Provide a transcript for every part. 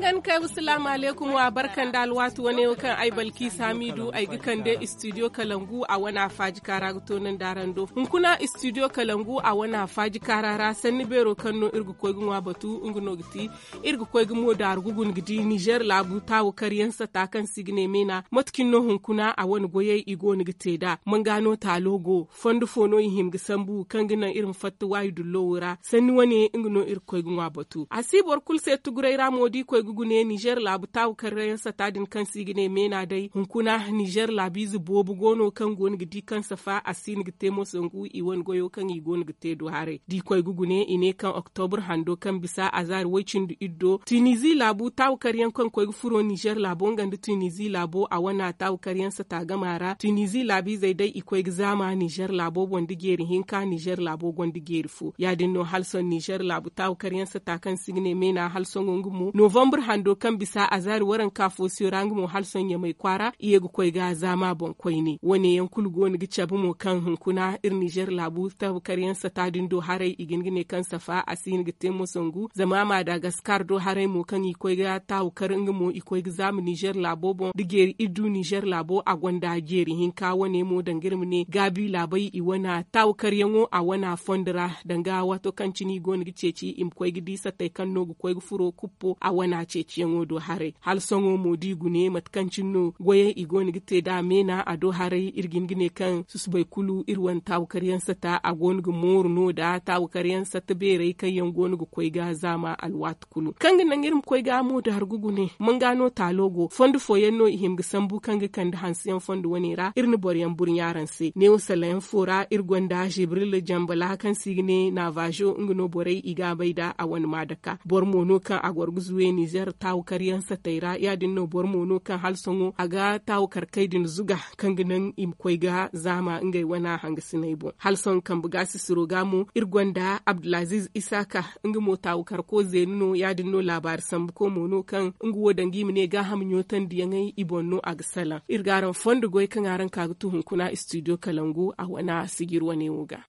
gan kai wasalamu alaikum wa barkan da alwatu wani kan ai balki samidu ai gikan dai studio kalangu a wana faji kara tonin in kuna studio kalangu a wana faji karara ni bero kan no irgu koigin wa batu no giti irgu koigin mo da gun gidi niger labu tawo karyan sa kan signe mena matkin no hun kuna a wani goyai igo ni gite da mun gano ta logo fondu fono yi yihim gisambu kanginan irin fattu wayu dullo wura sanni wani no irgu irkoigin wa batu asibor kulse tugurai ra modi ne ne niger labu taw karrayan sa tadin kan gine mena dai hunkuna niger labizu bobu gono kan gon gidi kan safa asin gite mo songu iwon goyo kan i gon gite do hare di gugu ne ine kan october hando kan bisa azar wechin du iddo tunisi labu taw karyan kan ko furo niger labo ngandu tunisi labo a wana taw karyan sa tagamara tunisi labi zai dai ko zama niger labo bondi geri hinka niger labo gondi geri fu din no halson niger labu taw karyan sa kan signe mena halson ngungu mu novembre hando kan bisa azari waran kafo sirang mu halson ya mai kwara iye ga koi ga zama bon koi ne wani yankul goni gi cabu mu kan hunkuna ir Niger labu ta bukariyan sa ta dindo harai igingine kan safa asin gi temo songu zama Madagascar do harai mu kan iko ga ta hukar mu iko ga zamu Niger labo bon digeri idu Niger labo a gwanda geri hinka wani mu mu ne gabi labai iwana ta hukar yango a wana fondra danga wato kan cini goni gi ceci im koi gi disa tai kan no koi furo kup kapo a wana ce ciyango do hare hal songo modi gune matkancin no goye igoni gite da mena a do hare irgin gine kan susbai kulu irwan tawkaryan ta a goni gu moru no da tawkaryan ta bere kan yan goni gu koi ga zama alwat kulu kan nan irin koi ga mu da har gugune mun gano talogo fondu foyen no ihim gisambu kan gi kan da yan fondu wani ra irni boryan burin yaran se ne usalayan fora irgon da jibril jambala kan signe na vajo ngino borai iga bai da a wani madaka bor mono kan agwar zuweni Niger ta kariyan sa ya din no bor mono kan hal songo aga kai kar din zuga kan ginan im ga zama ngai wana hanga sinaibo hal kan buga sisiro gamu irgwanda Abdulaziz Isaka inga mo taw kar ko ya din no labar sambu ko mono kan ingu wodangi mine ga ham nyotan diyangai ibonno aga sala irgaran fondo goy kan aran kaga tuhun kuna studio Kalangu a wana sigirwa ne wuga.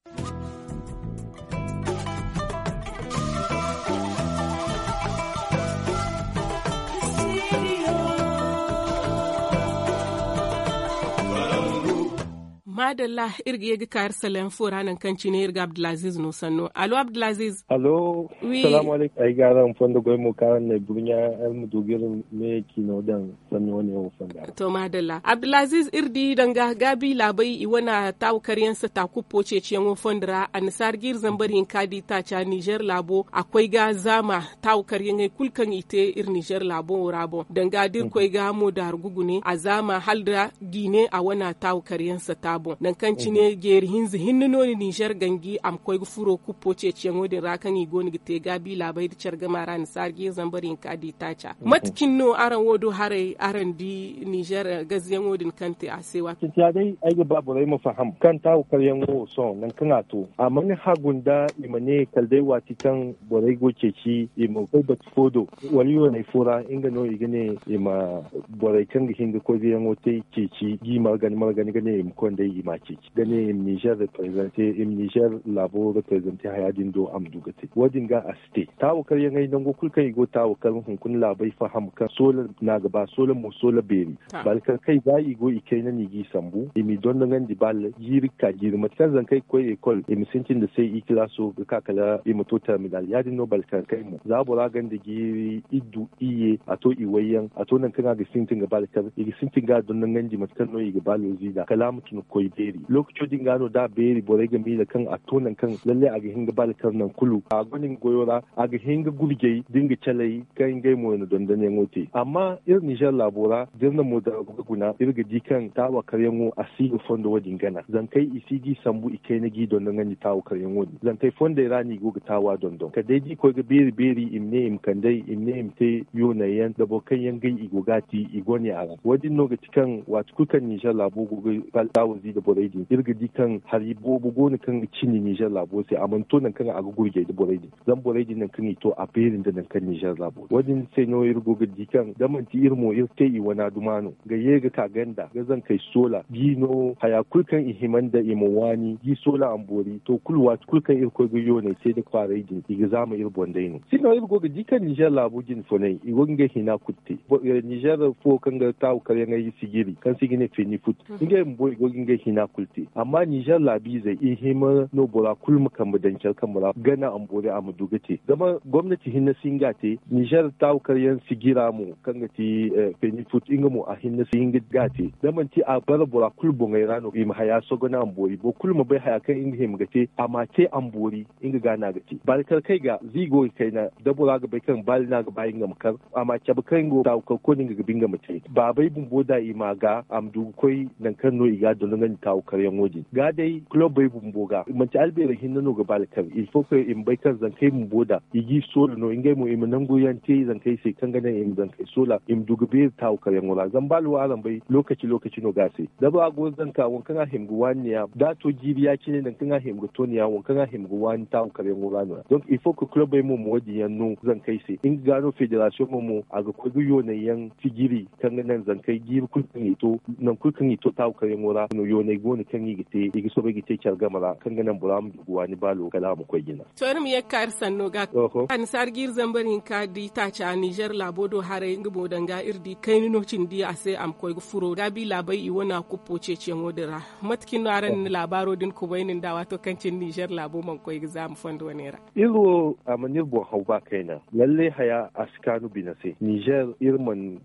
madalla irgi yegi kayar salen fura nan kanci ne irga abdulaziz no sanno alo abdulaziz alo oui. salamu alaikum ai ga ran fondo goy mu karan ne bunya al mu dogirin me no dan sanno ne o fanda to madalla abdulaziz irdi danga gabi labai iwana taw karyan sa taku poce ce mo fondra an sargir zambarin kadi ta cha niger labo akwai ga zama taw karyan ai kulkan ite ir niger labo rabo danga dir koy ga mo dar gugune a zama haldra gine a wana taw karyan sa tabo bon nan kanci ne mhm. geri hinzi hinni noni niger gangi am koy furo kupo ce ce ngodin rakan i goni te gabi labai da cerga mara ni sargi zambarin kadi tacha mhm. matkin no aran wodo hare aran di niger gaziyan ngodin kante a sewa ya dai ai babu rai mu faham kan tawo karyan wo so nan kana to amma ni hagunda imane kaldai wati kan borai goce ci imo kai bat fodo waliyo ne fura inga no gane ima borai kan gihin ga ko biyan wote ce ci gi magani magani gane im kon dai yi make gane im niger represente im niger labo represente hayadin do am dugate wadin ga aste tawo kar yin ai dango kul kai go tawo kar hun kun labai faham kan sola na gaba sola mo sola beri balkan kai ga i go ikai na nigi sambu imi don nan di bal yiri ka jiri matan zan kai koi ekol imi sintin da sai ikila so ka kala imi to terminal ya no balkan kai mu za bora gan da giri idu iye a to iwayan a to nan kana ga sintin ga balkan igi sintin ga don nan di matan no igi balo zida kala tun koi wai beri lokacin gano da beri bore ga da kan a tonan kan lalle a ga hinga balkar nan kulu a gwanin goyora a ga hinga gurge dinga calai kan gai mu na dondon ngote amma ir nijar labora dirna mu da ir irga dikan tawa karyan wo a fondo wajin gana zan kai isigi sambu ikai na gi nan gani tawa karyan zan kai fondo rani go ga tawa dondon ka dai ji ko ga beri beri imne im kandai imne im te yonayen da bokan gai igogati igoni a wajin no ga tikan wa tukukan nijar labo go ga tawa da borai din irga di kan hari bobu goni kan cini nijar labo sai a manto nan kan aga gurge da borai din zan borai din nan kan to a perin da nan kan nijar labo wajen sai no irgo ga kan daman ti irmo ir ta yi wani dumano ga ye ga kaganda ga zan kai sola no haya kulkan ihiman da imo wani gi sola bori to kulwa kulkan irko ga yo ne sai da kwarai din iga zama irbo dai no sino irgo ga di kan nijar labo jin fonai igon ga hina kutte eh, nijar fo kan ga tawo kare ngai sigiri kan sigine fini fut inga mhm. mbo igo ga hina kulte amma nijar labi zai i hima no bora kulma kan mu dancar kan gana an bore a mu dugate zama gwamnati hinna singa te nijar ta yan sigira mu kan ga ti eh, penifut inga mu a hinna singa gate zaman ti a bar bora kulbu ngai rano ima haya so gana an bori bo kulmu bai haya kan inga him gate amma te an bori inga gana gate barkar kai ga zigo kai na dabura ga bai kan bali na ga bayin ga makar amma kan go ta ko ninga ga binga mace ba bai bumbo da imaga amdu koi nan kan no iga don nan min karyan ga dai club bai bumboga mace albe rahin nanu ga balkar il faut que in bai kan zankai mun boda igi solo no ingai mu imanan goyan te zankai sai kan ganan im zankai sola im dugube taw karyan wala zan balu aran bai lokaci lokaci no gase da ba go zanka won kan himgu waniya da to jibiya kine dan kan himgu toniya won kan himgu wani taw karyan wala no donc il faut que club bai mu wodi yanno zankai sai in gano federation mu a ga kogu yan tigiri kan ganan zankai gibi kun ito nan kun ito taw karyan wala no ne goni kan yi gite yi so bai gite kyar gamala kan ganin buram duguwa ni balo kala mu koy gina to irin ya kar sanno ga an sargir zambarin ka di ta cha Niger labodo hare ngbo ga irdi kaini no cin di a sai am koy furo ga bi labai i wana ku poce ce modira matkin naran ni labaro din ku bainin da wato cin Niger labo man koy za zamu fondo nera ilo amanir bo hauba kaina lalle haya askanu binase Niger irman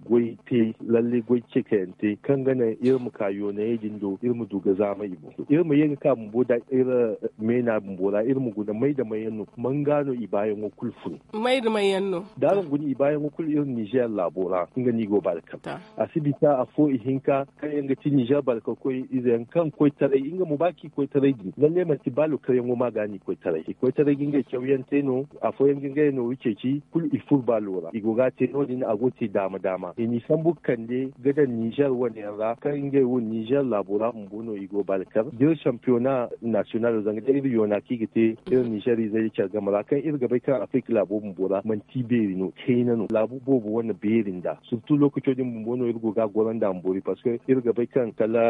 te lalle goice kayante kan ganan irmu kayo na yejin do irmu duga mai bo irin mu yega ka mbo da irin me na mbo da irin mu guna mai da mai yanno man gano ibayen wakul fu mai da mai yanno dalan guni ibayen wakul irin Niger labora inga ni go barka asibita a fo ihinka kan yanga ti Niger barka koi izen kan koi tare inga mu baki koi tare gi lalle ma ti balu kayan wo magani koi tare koi tare ginga kyauyan no a fo yanga ginga no wuce ci kul ifur balora ga igoga no din agoti dama dama ni san bukkan de gadan Niger wani yanzu kan inga wo Niger labora mu bono igo balkar dir championnat national zang da ibi yona ki te ir nishari zai ci gamara kan ir gabai kan afrik labo bora man tiberi no kaina no labo bobo wannan berin da surtu lokacin mun bono ir goga goran da mbori parce que ir gabai kan kala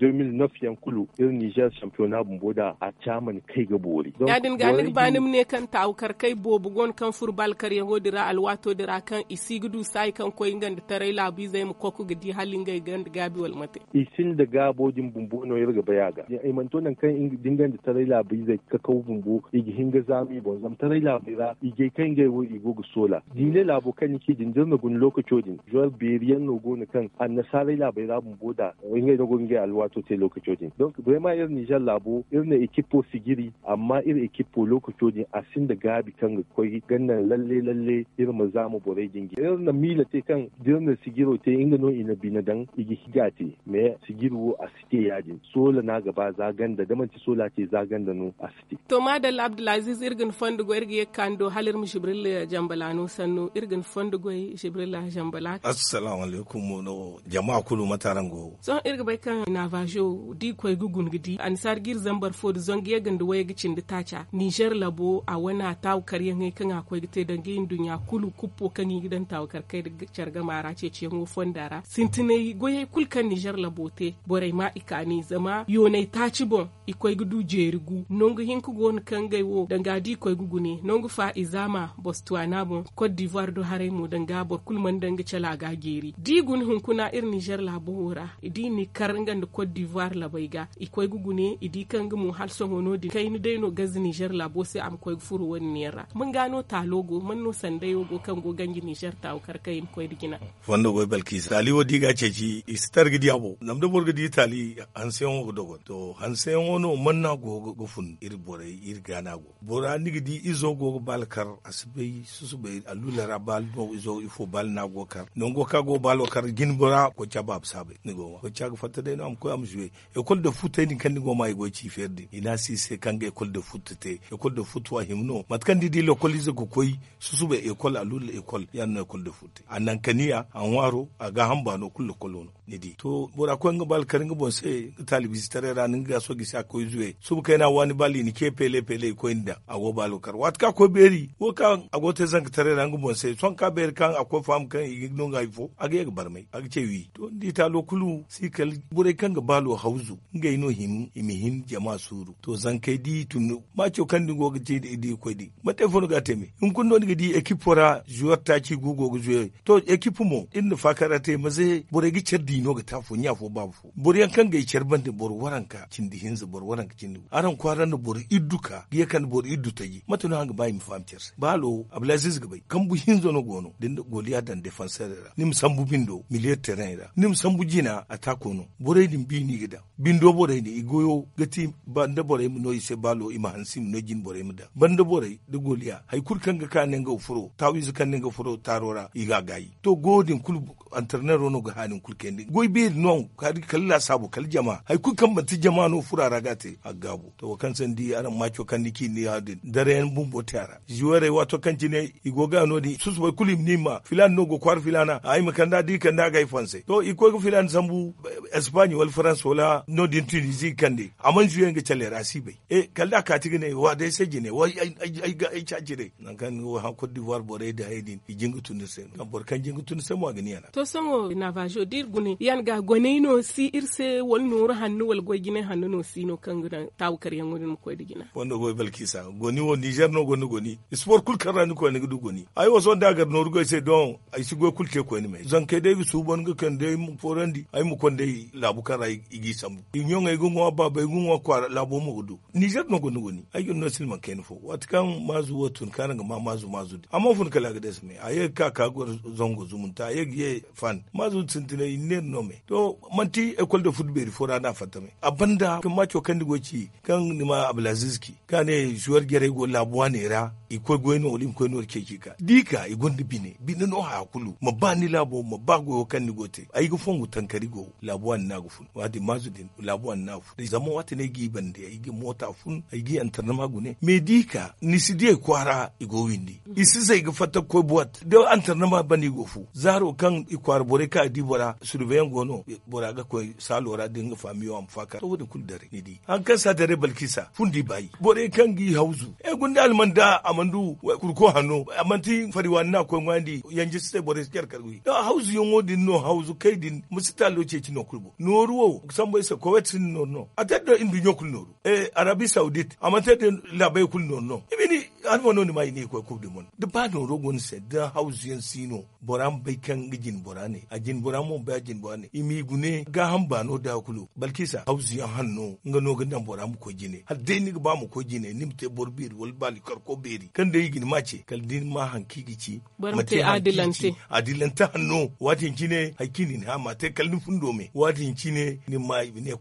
2009 yan kulu ir niger championnat bumboda a chaman kai ga bori ya din ganin banim ne kan taukar kai bobo gon kan fur balkar ya dira alwato dira kan isigudu sai kan koyin ganda tarai labi zai mu koku gidi halin ga ganda gabi walmate isin da din bumbu no yarga bayaga ya manto nan kan dingan da tarayla bai zai ka kau bumbu igi hinga zami bon zam tarayla bai ra igi kan ga wo igo gu sola dile labo kan ki dindir no gun lokacodin joel beriyan no go kan an na sarayla bai ra bumbu da inga no gun ga alwato te lokacodin donc vraiment ir nijar labo irin na ekipo sigiri amma ir ekipo lokacodin asin da gabi kan ga koi gannan lalle lalle ir mu zamu bore dingi ir na mila te kan dir na sigiro te inga no ina binadan igi higati me sigiro asite yaji sola na gaba zagan da damanci sola ce zagan da no siti. to madal abdulaziz irgin fondugo go ya kando halir mu jibril jambala no sanno irgin fondo go jibril jambala assalamu alaikum no jama'a kulu mataran go son irgi bai kan na vajo di koy gugun gidi ansar gir zambar fod zong yegan gandu waye gicin da tacha niger labo a wana taw karyan kai kan akwai gite da ngin dunya kulu kuppo kan yi gidan taw kar kai da charga mara ce ce mu fondara sintine goye kulkan niger te borai ma ika kani zama yonai ta ci bon ikwai gudu jerigu nongu hinku gon gai wo danga di gugu gugune nongu fa izama botswana bon cote d'ivoire do hare mu danga bor kulman danga chala ga geri hunku na ir niger la bohora idi ni karangan cote d'ivoire la baiga gugu gugune idi kanga mu hal no di kai ni daino gaz niger la bose am koi furu nera. mun gano talogo mun no sandai yogo kan go gangi niger taw karkayim koi digina wanda go balkis sali wodi diga ceci istar gidi abo namdo borgo di tali hansen wo dogon to hansen wo no umar na gogo fun ir bore ir gana go bora di izo go balkar su susube alula bal no izo ifo bal na go kar non go ka go bal kar gin bora ko chabab bai ni go ko ga fata dai na am ko am jouer école de futa ni kan go mai go ci ferdi ina si se kan ekol de futa te ekol de futa wa himno mat kan di di kol izo go bai susube école alula ekol. yan école de a anan kaniya an waro ga hamba no kullu kolono nidi to bora ko nga bal karnga bon se talibi visitare ra nga so gisa ko su sub kaina wani bali ni ke pele pele ko inda ago balo kar wat ka ko beri wo ka ago te zang tare ra nga bon se son ka ber kan ako fam kan igno nga ifo age ga barmai age ce wi to ndi ta lo kulu si kal bure kan ga balo hauzu nga ino him imi hin jama suru to zan ke di tunu ma cho kan dingo ga ce di ko di ma te fonu ga teme un kun don ga di ekipora juwar ta ci gugo ga to ekipu mo in fa karate maze bure gi cerdi no ga tafo ni afo babu fo buri yankan ga icer bande buru waranka cindi hinza buru waranka cindi aran kwaran buru idduka ya kan bor iddu yi matuna hanga bai mi fam cerse balo ga bai kan bu hinzo no gono din goliya dan defenseur da nim bu bindo milieu terrain da nim bu jina atako no buru din ni gida bindo buru din igoyo gati banda buru mu no ise balo ima hansim no jin buru mu da banda buru da goliya hay kan ga kanen ga furo tawizu kan ga furo tarora iga gayi to godin kul anternero no ga hanin kulken goi be no kari kalla sabu kal jama hay ku kan banti jama no fura ragate agabu to kan san di aran macho kan niki ni hadi dare en bumbo botara jiware wato kan jine igoga no di susu bai kulim ni ma filan no go kwar filana ay da di kan da gai fanse to iko ko filan sambu espany wal france wala no din tunisi kan di amman juyen ga chale rasi bai e da ka tigine wa dai sai jine wa ai ga ai chaji dai nan kan wa ha cote d'ivoire bore da haydin jingutun sen kan bor kan jingutun sen mo gani yana to sango na va dir guni yan ga gwanai no si irse wal nuru hannu wal gogine hannu no si sino kanguna taw karyan wani ko digina wanda go balkisa goni wo niger no goni goni sport kul karani ko ne gudu goni Ai wo son dagar no rugo se don ay sigo kul ke ko ne mai zan ke dai su bon ga kan dai mu forandi ai mu kon dai labu kara igi sambu inyo ngai gungo ba ba gungo ko labu mu gudu niger no goni goni ay no silman ken fo kan mazu tun kan ga ma mazu mazu amma fun kala ga des me Ai ka ka go zongo zumunta ay ye fan mazu tintine ne nome to manti école de foot beri fora na fatame abanda kan ma kandi digoci kan nima ablaziz ki kane juwar gere go labuwa ne ikwe gweno olim kweno kekika dika igondi bine bine no ha kulu mabani labo mabago kanni gote ayi gufon tankari go labo an nagu fun wadi mazudin labo an nagu da zaman wata ne gi bande ayi gi mota fun ayi gi antarna magune me dika nisidie kwara igo windi isi sai ga fata ko buat da antarna ma bani go fu zaro kan ikwar bore ka di bora surveyan gono bora ga ko salora dinga famiyo am fakar saboda kul dare ni di an kan sa dare balkisa fun di bayi bore kan gi hauzu e gunda almanda amandu kurko hanno amanti fari wanna ko ngandi yanji se bore sker karwi da hausu yongo din no hausu kay din musita lo ce ci nokulbo noruwo sambo se ko wetsin no no atedo indu nyokul noru e arabi saudit amante de labai kul no no ibi an wono ni mai ni ko kub de mon de ba no rogon se da hausien sino boram bai kan gijin borane a jin boramo ba jin borane imi gune ga han ba no da kulu balkisa hausiyan hanno nga no gandan boram ko jine har dai ni ba mu ko jine nimte borbir wal bali kar ko beri kan de gin mace kal din ma han kigici mate adilante adilante hanno watin kine hakini ha mate kal ni fundo me watin kine ni ma ne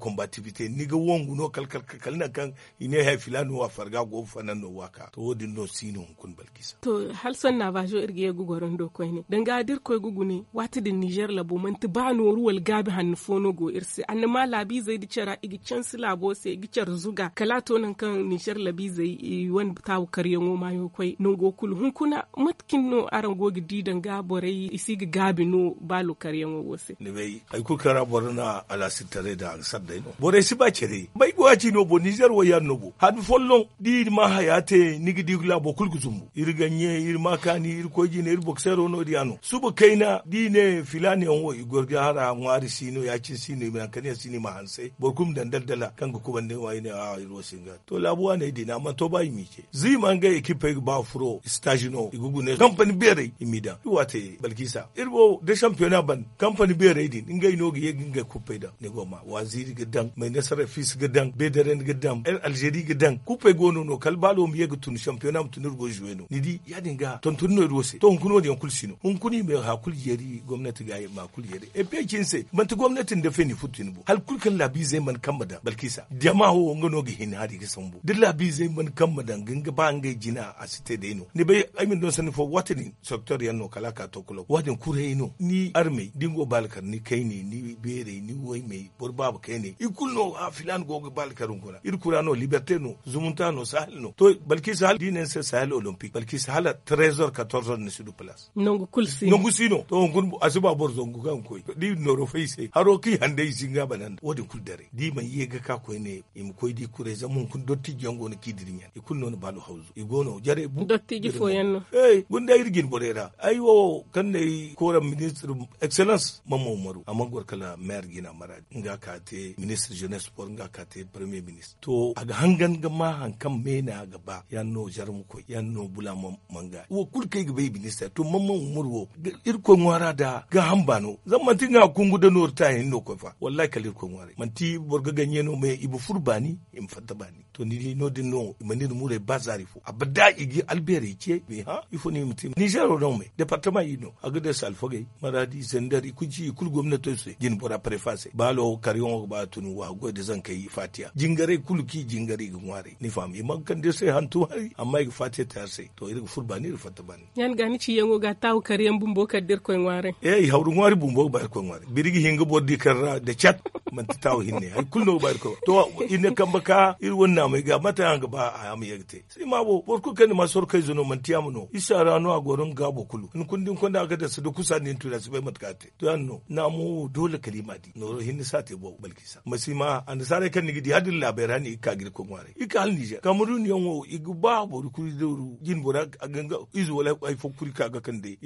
ni ga wongu no kal kal kal na kan ine ha filano wa farga go fanano waka to no sino hunkun balkisa to hal san na jo irge gugu ran do ne danga dir ko gugu ne wata din niger labo man ti ba no ruwal gabi han fono go irse an ma labi zai di cara igi can labo sai igi car zuga kala to nan kan niger labi zai wan ta yango ma yo koi no go kul hunkuna matkin no aran go gidi danga borai isi gi gabi no balo yango wo wose ne bai ai ku kara borna ala sitare da an sadda no borai si ba cere bai go aci no bo niger wo yan no bo han follon di ma hayate nigi digri la bokul guzumbu iri ganye iri makani koji ne iri boksero no diano subo kaina ne filani on wo igor hara ngwari sino ya ci sino ban kane sino ma hanse kum dan dala kan ku kubande ne a ah, iro singa to labuwa ne na ma to bai ce zi man ga ekipe ba furo stage no igugu ne company bere imida wate balkisa irbo de championnat ban company bere din ingai no ga yegin ga kupe da ne goma waziri gidan mai nasara fis gidan bedaren gidan el algeri gidan kupe gono no kalbalo mi yegutun championnat nam tunir go jueno ni di ya dinga ton tunno do se to hunkuno di kul sino hunkuni me hakul yeri gwamnati ga ma kul yeri e pe kin se man to gwamnatin da feni futin bu hal kul kan labi zai man kamada balkisa jama ho ngano gi hin hadi ki sambu dil labi zai man kamada ganga ba ngai jina a site de no ni be i mean don san for what in sector yan no kala ka to kulo wadin kure ino ni arme dingo balkar ni kai ni bere ni wai mai borbabu kai ne ikul no a filan go balkarun kula ir liberté no zumunta no sahel no to balkisa hal dinen se sahel olympique balki hala 13h 14h ne sudu place nongu kulsi nongu sino to ngun asuba bor zongu kan koy di noro feise haro ki hande singa bananda wodi kul dare di man yega ka koy ne im koy di kure zamun kun dotti jongo ne kidiri nyen ikun non balu hawzu gono jare bu dotti ji foyenno hey gunde irgin borera ay wo kan ne kora ministre excellence maru umaru amangor kala maire gina mara nga te ministre jeunesse sport nga te premier ministre to aga hangan ga ma hankan mena gaba ya no jarmu mu ko yan no bula manga wo kul ga bai binista to mamman umur wo irko ngwara da ga hambano zan man ga kungu da nur ta yin no ko fa wallahi kalir ko ngwara man ti borga ganye no me ibu furbani in fatta bani to ni no din no mani mu de bazari fo abada igi albere ke ni ha ifo ni mutim ni jero don me departement yi no sal foge maradi zendari kuji kul gwamnati se jin bora preface balo karion ba tunu wa go de zan kai fatia jingare ki jingare ngware ni fam man kan de han hantu hari amma igi fatia ta se. to iri furba ni fatta ban yan gani ci yango ga taw kariyan bumbo kaddir ko ngware eh hawru ngware bumbo ba ko ngware birigi hinga boddi karra da chat man taw hinne ay no ba ko to ine ka ir wonna mai ga mata yan gaba a am sai ma bo bor ku ken masor kai zuno man tiamu no isa rano a gorin gabo kulu in kundin konda aka da su duk kusa ne tura su bai matkate to yanno na mu dole kalima di no ro hin sa te bo balki sa masima an sa re kan ni nigidi hadin labarani ka gir ko ngware ikka al niger kamerun yan wo igu ba bor ku doru jin bora aganga izu wala ay fokuri ga kan de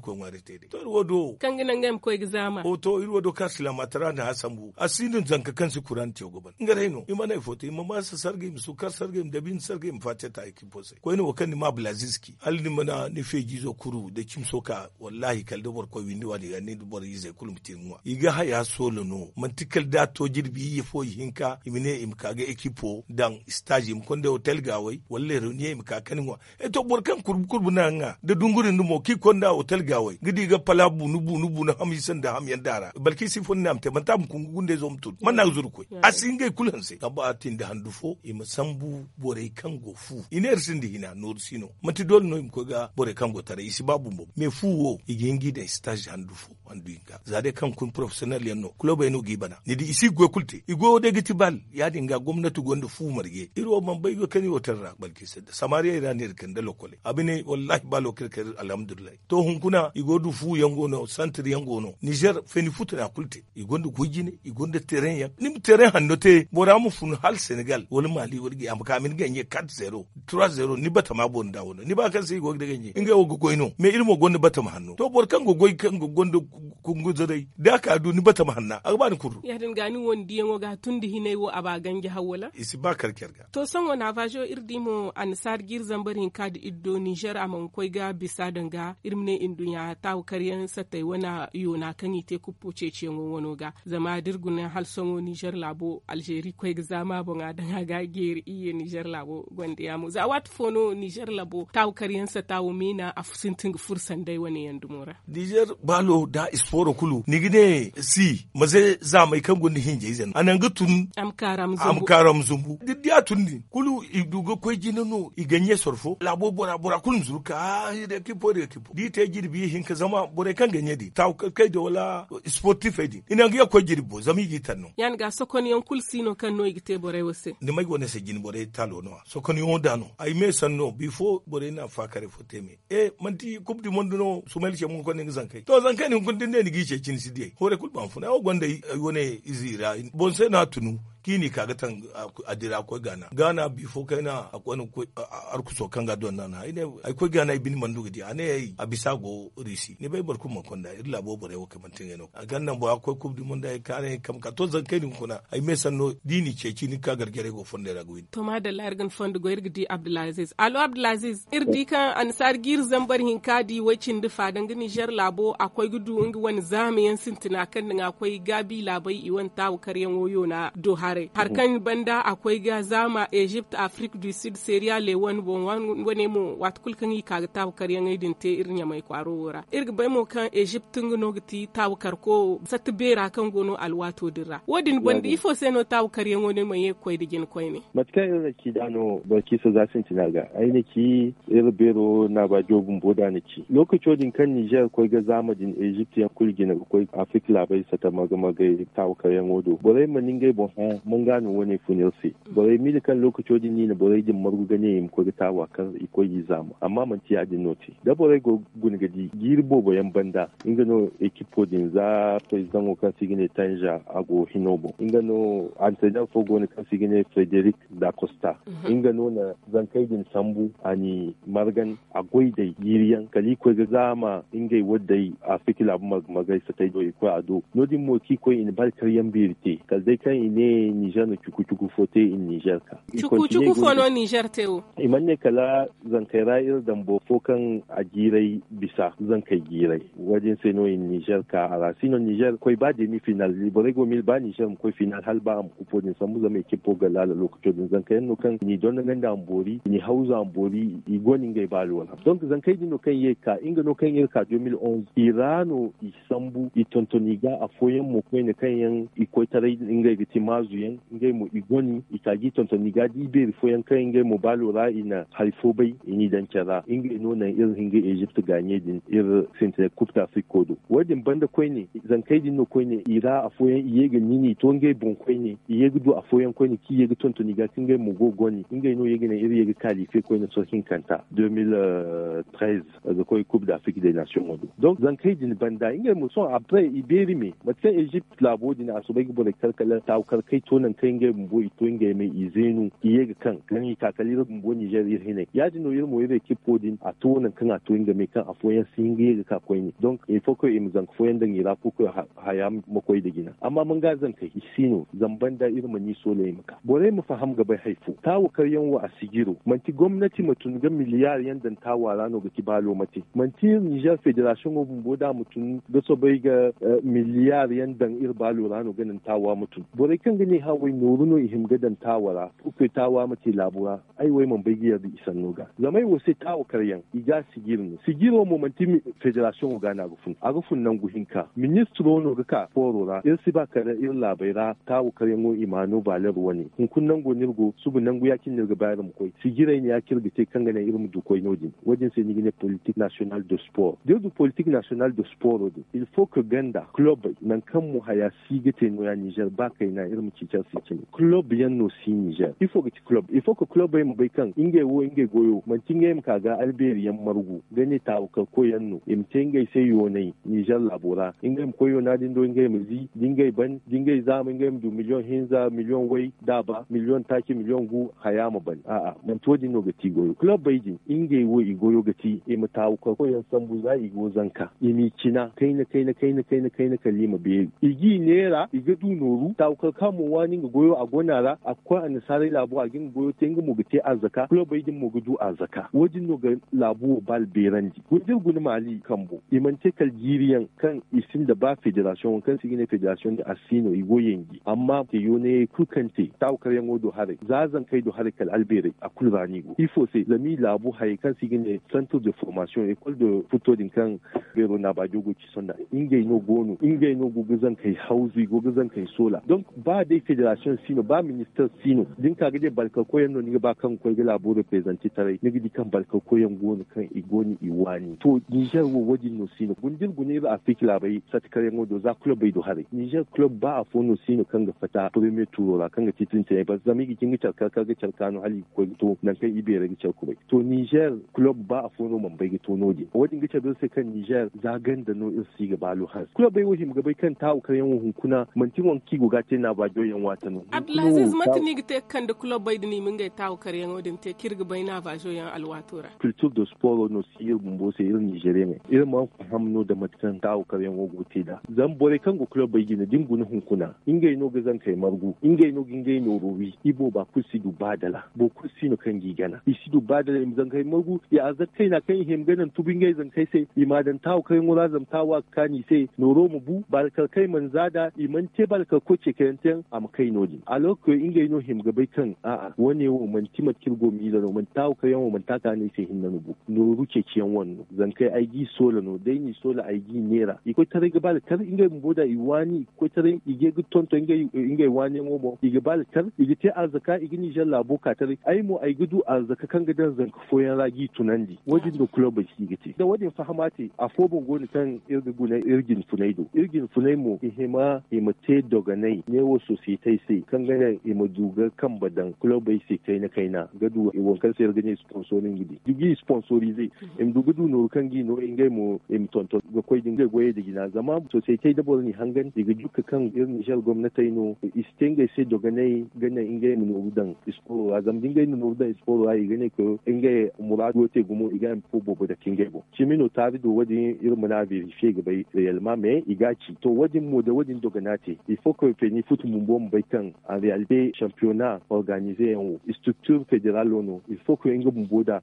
ko ngware te de to ro do wodo kangina ngam ko exama o to do kasila matara na bu asinin zanka kan su kuran te goban ngare no imana foto imama sa sargi sargim kar sargim da bin sargim fata ta aiki pose ko ne wakan ma blaziski alni mana ni fe gizo kuru da kim soka wallahi kal da barko windi wadi ga ne dubar yize kulum yi ga haya solo no mantikal da to jirbi yi fo hinka imine im ga ekipo dan stage im konde hotel wai walle runiye im ka kaninwa e to borkan kurbu kurbu na nga da dungurin dumo ki konda hotel wai gidi ga pala bunu na bunu hamisan da hamyan dara balki sifon nam te mantam kungunde zomtut manna zurkoi hmm. asinge kulanse kaba atin da handufo im musambu bore kango fu iner da hina nor sino mati dole no ko ga bore kango tare isi babu mbo me fu wo igengi da stage handu fu andinga zade kan kun professionnel yanno club eno gibana ni di isi gwe kulte igwe de giti bal ya dinga gwamnati gonda fu marge iro man bai go kani wotarra balki sada samaria ira ne kan da lokole abine wallahi ba lokir kar alhamdulillah to hun kuna igo du fu yango no centre yango no niger feni futu na kulte igwe ndu gojine igwe ndu terrain ya nim terrain hanno te bora mu fun hal senegal wal mali wal gi am kamin ganye 4-0 3-0 ni bata ma bon dawo ni ba kan sai go de ganye inga go goino me irmo gonda bata ma hanno to bor kan go goy kan go gondo kunguzo dai da ka du ni bata mahanna a bani kuru ya din gani won diyan ga tun di hinai wo aba gangi hawala isi ba karkar ga to san wana fajo irdimo ansar gir zambarin kad iddo niger amon koi ga bisa danga irmne indunya taw karyan satai wana yona kan ite ce cece wono ga zama dirgunan hal songo niger labo algeri koi ga zama bonga danga ga geri iye niger labo gwande yamu za wat fono niger labo taw karyan sa tawo mina afusintin fursan dai wani yandumura niger balo da isporo kulu nigide si maze za mai kan gundi hinje izan anan gutun amkaram zumbu amkaram zumbu didiya tun din kulu idugo ko jinano iganye sorfo labo bora bora kulum zurka ah, ide ki da ki di te jirbi hin ka zama bore kan ganye di taw kai da wala sportif edi ina ga ko jirbo zami gitanno yan ga sokoni yan kul sino kan no igite bore wose ne mai wona se jin bore talo no sokoni on dano ai me sanno before bore na fakare foteme e manti kubdi mondo no sumel che mon ko ne zankai to zankai ne kun ndende ni giche chini sidie hore kulbanfuna o gwande eh, yone izira bonse na tunu kini kaga tan a dira ko gana gana bi fo kai na a kwani akwai arkuso kan ga don nan ai ko gana ibin mandu gidi ane ai a bisa go risi ne bai barku kon da illa bo bare wo kaman tin yano a gannan bo akwai kub di mun da ne kam ka to zan kai din kuna ai me sanno dini ce kini ka gargare go fonde da wi to ma da largan fond go irgidi abdulaziz alo abdulaziz irdi kan ansar gir zambar hin kadi wacin dufa dan gani jar labo akwai gudu wani zamiyan sintina kan akwai gabi labai iwan tawu karyan woyo na doha har mhm. kan banda akwai ga zama egypt afrique du sud syria lewan bon wane mo watkul kan yi kaga tabu kar yan aidin te ya mai kwaro wura irga bai mo kan egypt no nogti tabu kar ko sat bera kan gono alwato dira wodin bandi ifo seno tabu kar yan wane mai koy digin koy ne matka irra ki n'o. ba ki so za sin tinaga aini ki irbero na ba jogun boda ne ki lokacin kan niger koy ga zama din egypt yan kulgina koy afrique labai sata maga maga tabu kar yan wodo bore maningai bon ha mun wani wone funirse borai mili kan lokacin ni na borai din margu gane im ko wa kan iko yi zama amma man ci adin noti da borai go gadi girbo bayan banda gano ekipo din za president ko kan sigine tanja ago hinobo ingano antredan fogo ne kan sigine frederic da costa mhm. gano na zankai din sambu ani margan agoi da yiriyan kali ko ga zama gai wadda a fikila magai sa da iko ado nodin mo ki ko in balkar yan birte kal dai kan ine ni niger na cuku cuku fote in Nijar ka cuku cuku fono Nijar te o iman ne kala zan kai ra'ir dambo ko kan a girai bisa zan kai girai wajen sai no in Nijar ka a rasino Nijar kai ba demi final libore go mil ba Nijar mu kai final hal ba mu kufo din samu zama ke poga lala lokacin din zan kai no kan ni don ganda ambori ni hauza ambori i gonin gai balu wala donc zan kai dino kan ye ka inga no kan ye ka 2011 irano isambu a afoyen mu kai ne kan yan ikoi tarai inga giti mazu yen nge mo igoni itagi tonto nigadi be fo yan kai nge mo balora ina halfo bai ini dan kyara inge no na il er hinge Egypt ganye din ir er sente kupta fi kodo wadin banda koi ne zan kai din no koi ne ira a fo yan iyege nini tonge bon koi ne iyege du a fo yan koi ne ki yege tonto nigadi nge mo goni nge no yege ne iri yege kali fi koi so hin kanta 2013 da koi coupe d'Afrique des nations donc zan kai din banda inge mo son après iberi me matsan Egypt labo asobe asobai le kalkala taw kalkai sonan tenge mbo itonge me izenu ga kan yi kakali ro mbo Niger hine ya jino yirmo yebe podin a tonan kan a toinga me kan afoyan yinge ga ka koyni donc il e faut que im e zan foyan da ngira ku haya hayam da gina amma mun ga zan kai sino zamban da irma ni so ne maka bore mu faham ga bai haifu tawo karyan wa asigiro manti gwamnati mutun ga miliyar ta wara no ga kibalo mate manti Niger Federation of Mbo da mutun ga so bai ga eh, miliyar yandan irbalo rano ganin tawa mutun bore kan gani ha wai no ihim gadan tawara kuke tawa mace labura ai wai man bigiya bi noga zamai wo se tawo karyan iga sigiru sigiro mo manti federation ugana gufun agufun nan guhinka ministro no ga forora in si ba kare in labaira tawo karyan go imanu balar wani kun kun nan go nirgo subu nan yakin nirga bayar mu koi sigire ne ya kirgite kangane irin koi nojin wajin sai ni politique nationale de sport de du politique nationale de sport il faut que ganda club nan kan mu haya sigite no ya Niger ba kai na irin ci Chelsea kin club yan no si Niger ifo ga club ifo ko club yan bai kan inge wo inge goyo man tinge yam kaga Alberi yan margu gani ta ka ko yan no im tinga sai yo ne Niger labura. Inge yam koyo na din do inga yam zi Dinge ban Dinge za mu inga yam du million hinza million wai daba million taki million gu hayama ban a a man to din no ga ti goyo club bai din Inge wo i goyo ga ti im ta ka ko yan sambu za i go zanka imi kina kai na kaina kaina kaina kaina kalima be igi nera iga du noru ta ka ga goyo a gona ra akwai an sare labu a gin goyo te inga mugute a zaka kulo bai gin mugudu a zaka wajin no ga labu bal berandi wajin gunu mali kambo imance kalgiriyan kan isin da ba federation kan sigine federation da asino igo yengi amma te yone kukante taw karyan wodo hare zazan kai do hare kal albere a kulrani go ifo se lami labu hay kan sigine centre de formation école de photo din kan bero na ba jogo ci sonda inge no gonu inge no zan kai hauzi zan kai sola donc ba dai federation sino ba minister sino din ka gide balka koyan no ni ba kan koy gila buru presenti tare ni gidi kan balka koyan goni kan igoni iwani to Niger wo wodi no sino gundin gune ba afikla bai satkare ngodo za club bai do hare Niger club ba afo no sino kan ga fata premier tour la kan ga titin tare ba zami gidi kin tarka ka ga no hali ko to nan kan ibe rage charku bai to Niger club ba a no man bai to noje wodi gice don sai kan Niger za ganda no in si ga balu has club bai wuce ga bai kan ta yan hunkuna mantin wanki goga na ba joyi yen watano abdulaziz matinig te kande club bay dini ga taw kar yan odin te kirga bai na va jo alwatura culture de sport no si yir bumbo sai irin nigeria ne irin ma ku hamno da matan taw kar yan wogu te da zan bore kan ga club bai gina dingu na hunkuna inga ino ga zan kai margu inga ino ginga ino rowi ibo ba si du badala bo si no kan gigana si du badala in zan kai margu ya azat kai na kan him ganan tubin ga zan kai sai imadan taw kai ngula zan tawa kani sai noro mu bu ba kai manzada iman te balka ko ce kayantan a am kai noji alors que ingay no him gabai kan a a wani wo man timat kirgo mi da no man tawo kai wo man taka ne sai hinna nubu no ruke ciyan wannan zan kai aigi sola no dai ni sola aigi nera iko tare gaba da tar boda i iwani ko tare ige gutton tonto ingay ingay wani mo mo ba da tare ige te arzaka ige ni jalla boka tare ai mo ai gudu arzaka kan gidan zan yan ragi tunandi wajin da club shi gite da wajin fahamati a fobon goni kan irgi gune irgin funaido irgin funaimo ihima himate doganai ne wo sosai sitai se kan gane e duga kan badan club bai kai na kai na gadu e won kan sayar gane sponsoring gidi dugi sponsorize em dugu du nur kan gi no ingai mo em tonto ga koy dinga goye da gina zama sai sitai da bolni hangan diga duka kan irin shal gwamnati no istenga se dogane gane ingai mo nudan isko azam dinga no nudan isko ai gane ko ingai murad gote gumo igai ko bobo da kingai bo chimino tari do wadi irin muna verifiye gaba yalma me igaci to wadin mu da wadin doganate ifo ko ni futu mumbo bon baitan en réalité championnat organisé en haut structure fédérale ou non il faut que inga bumboda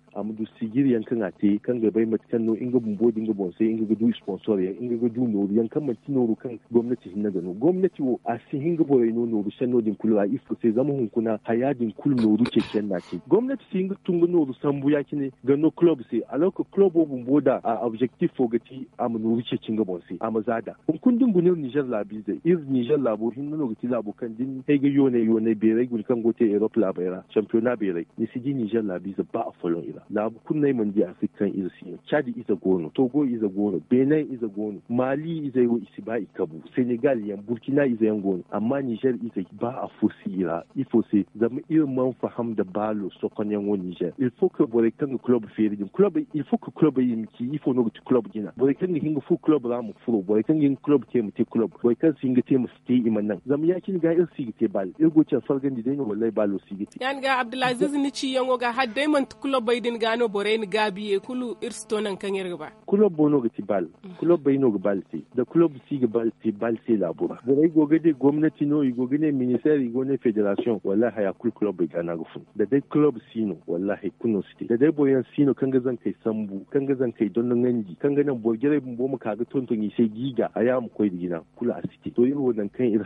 sigir yan kan ate kan ga bai matkan no inga bumbodi inga bonse ingo gudu sponsor ya ingo gudu no yan kan mati no kan gwamnati hinna no gwamnati wo a si hinga borai no no bi sanno din kulwa ifo sai zama hunkuna din kul no ruke ken na ce gwamnati si inga tunga no sambu ya kine no club sai alaka club wo bumboda a objective fogati amu no ruke kinga bonse amazada hunkundin bunil Niger labi zai ir Niger labo hinna no gati labo kan din hege yone yone bere gul kan gote europe la bera championnat bere ni si di niger la biza ba a folon ira la kun nay man di african iza si chadi iza gono togo iza gono benin iza gono mali iza yo isi ba ikabu senegal yan burkina iza yan gono amma niger iza ba a fosi ira ifo se zama irin man faham da balo sokon yan wani niger il faut que bore kan club feri din club il faut que club yin ki ifo no club gina bore kan hinga fu club ra mu furo bore kan yin club ke mu te club bore kan singa te mu sti iman nan zama yakin ga sigi sigite bal ir go cha sargan di den wallahi balo sigite yan ga abdulaziz ni ci yango ga hadde man kulo baydin gano bore ni gabi e kulu ir stonan kan yar ba kulo bono ga ti bal kulo bayno ga bal ti da kulo sigi bal ti bal ti la bura bore go ga de gwamnati no i go ga ne ministère i go ne federation wallahi ya kul kulo bay gana ga fun. da dai club sino wallahi kuno site da dai boyan sino kan ga zan kai sambu kan ga zan kai don ji. kan ga nan bogire bo mu tonton yi sai giga aya mu koi digina kula asiti to irin wannan kan ir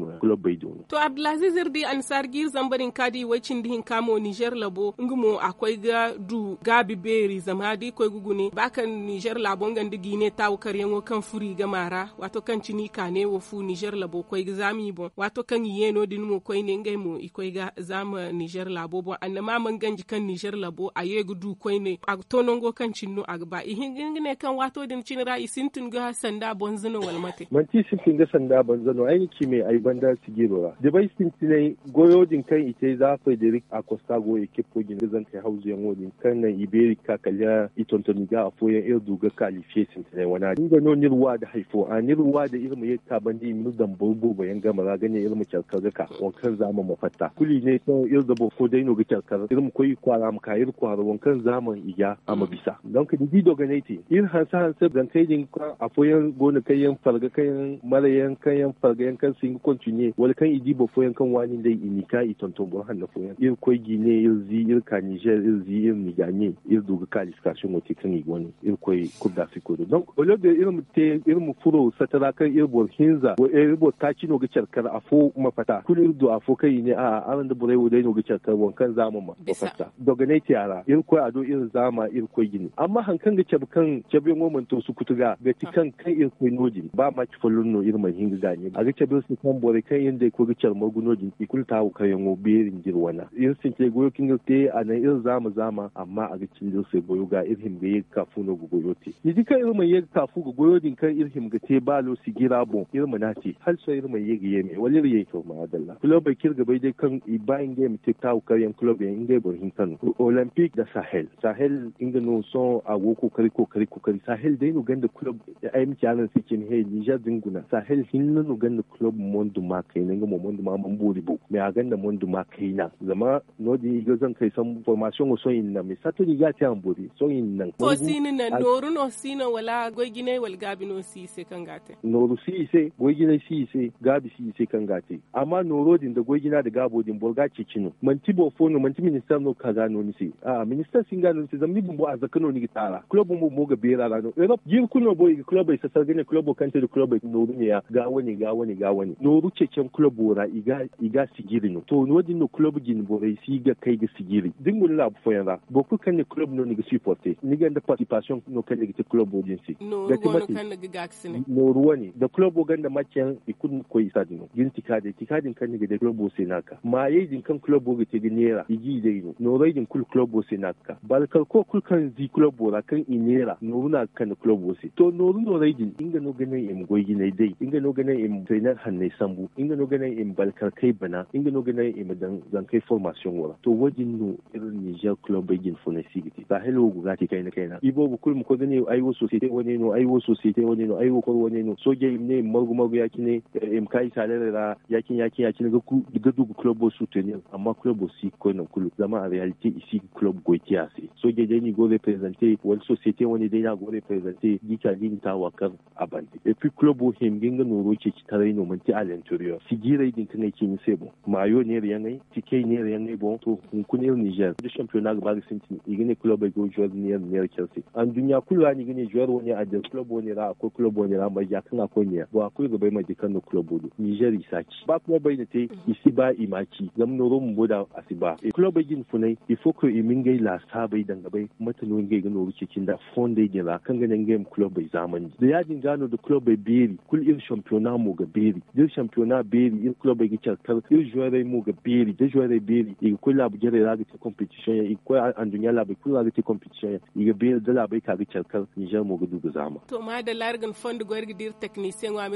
dunu kulob bai dunu to abdulaziz irdi ansar gir zambarin kadi wacin dihin kamo niger labo ngumo akwai ga du gabi beri zama zamadi koy gugune bakan niger labo ngan digi ne taw karyan wo kan furi ga mara wato kan cini kane wo fu niger labo koy ga zami bo wato kan yeno din dinmo koy ne ngai mo ikoy ga zama niger labo bon annama man ganji kan niger labo gu du koy ne a tonongo kan cinno ag ba ihin ne kan wato din cinira isintin ga sanda bonzino walmate manti sintin ga sanda bonzino ai ki me ai i banda sigirora da bai ne goyojin kan ita za fa rik a costa go ekipo gin zan kai hauzu yan wani. kan nan iberi ka kalya to niga a foyan ir duga ka alifiye wani. wana inga no nirwa da haifo a nirwa da irmu ya ta bandi mu dan bobo bayan gama ra gane irmu kyalkar kan wankan zaman mafatta kuli ne to ir da ko dai no ga kyalkar irmu koyi kwara mu ka ir kwara wankan zaman iya a mabisa don ka di doganate ir hansa hansa dan kai din a foyan gona kayan farga kayan marayan kayan farga yan kan kontu ne wal kan idi ba foyan kan wani dai inika i tonton bor hanna foyan ir koy gine ir zi ir ka niger ir zi ir nigani ir duga qualification wote kan i wani ir koy coupe d'afrique do donc au lieu de ir te ir mu furo satara kan ir bor hinza wo e ir bor ta cino ga charkar afo mafata kul ir do afo kai ne a aran da bore wodai no ga charkar wankan zama ma mafata daga ne tiara ir koy ado ir zama ir koy gine amma hankan ga chabkan chabin woman to su kutuga ga tikan kan ir koy nojin ba ma ci fallon no ir mai hinga gani a ga chabin su kan nan bore kan yanda ko gicar maguno jin ikul ta ko kan yango berin girwana yin sin ke goyo kin a anan ir zama zama amma a gicin dir sai goyo ga irhim ga yi kafu no goyo te ni dika irma yi kafu ga goyo din kan irhim ga te lo si gira bon irma na te hal so irma yi ga yeme walir yi to ma adalla club ba kirga bai dai kan ibayin ga mi te ta ko kan yan club yan ga borin kan olympic da sahel sahel inga no son ago ko kari ko kari ko kari sahel dai no ganda club ai mi kyalan sikin hey niger dinguna sahel hin no ganda club mon mondu ma kai na ngamo mondu ma man bori bo me a ganda mondu ma kai na zama no di go zan kai san formation so yin na mi sato di ya an buri so yin nan ko sinin na norun o sino wala go gine wal gabi no si se kan gate noru si se go gine si se gabi si se kan gate amma noro din da go gina da gabo din bolga ci cinu man ti bo no man ti minister no kaza no ni se a minister singa no se zambi bumbo a no ni tara club mu mu ga bera la no europe yin kuno boy club e sai gane club kanta da club e no ya ga wani ga wani ga wani no toru keken club wora iga iga sigiri no to wadi no club gin bore siga kai ga sigiri dingul la bu bo boku kan ne club no ni ga supporter ni ga da participation no kan ne ga club o jinsi da kuma kan ne ga aksine no ruwani da club o ganda macen ikun ko isa dino gin ti ti tikadin kan ne ga club o senaka ma yayi din kan club o ga te ginera igi dai no no din kul club o senaka kal ko kul kan zi club wora kan inera no na kan club o se to no runo din inga no ganin em goyi ne dai inga no ganin em trainer hanne san zambu inga no gana in balkar kai bana inga no gana in dan zan kai formation wala to wajin no irin Niger club gin fona sigiti ba hello go gati kai na kai na ibo bu kul mu ko gane ai wo society wani no ai wo society wani no ai wo ko wani no so ge ne magu magu yaki ne eh, im kai salare ra yakin yakin yakin ga ku ga dugu club su tenir amma club si ko na kulu zama a reality isi club go ti ase so je je ni go representer wal society wani dai na go representer gika ta wakar abandi e puis club him ginga no roke ki tare no mun ti ale intérieur sigirai din tine kin sebo mayo ne riyan ngai tike ne riyan ngai bon to kun kunil niger de championnat ba ga sintin igine club go da ne ne chelsea an dunya kulwa ni gine jor woni a da club woni ra ko club woni ra ma ya kana ko ne ba ku ga bai ma jikan no club do niger isaki ba kuma bai da te mhm. isi ba imaki zam no rom boda asiba e club gin funai ifo e ko imin e gai la sabai dangabai matano ngai gano wuce kin da fonde gin ra kan ganin game club bai zamani da yajin gano da club bai beri kul ir championnat mo ga beri dir championnat beri il club gi charter il joueur mo ga beri de joueur beri i ko la bu jere la ga competition i ko an dunya la bu ko la ga competition i ga beri da la bai ka ga charter ni ja mo ga du ga zama to ma da largan fond gorgi dir technicien wa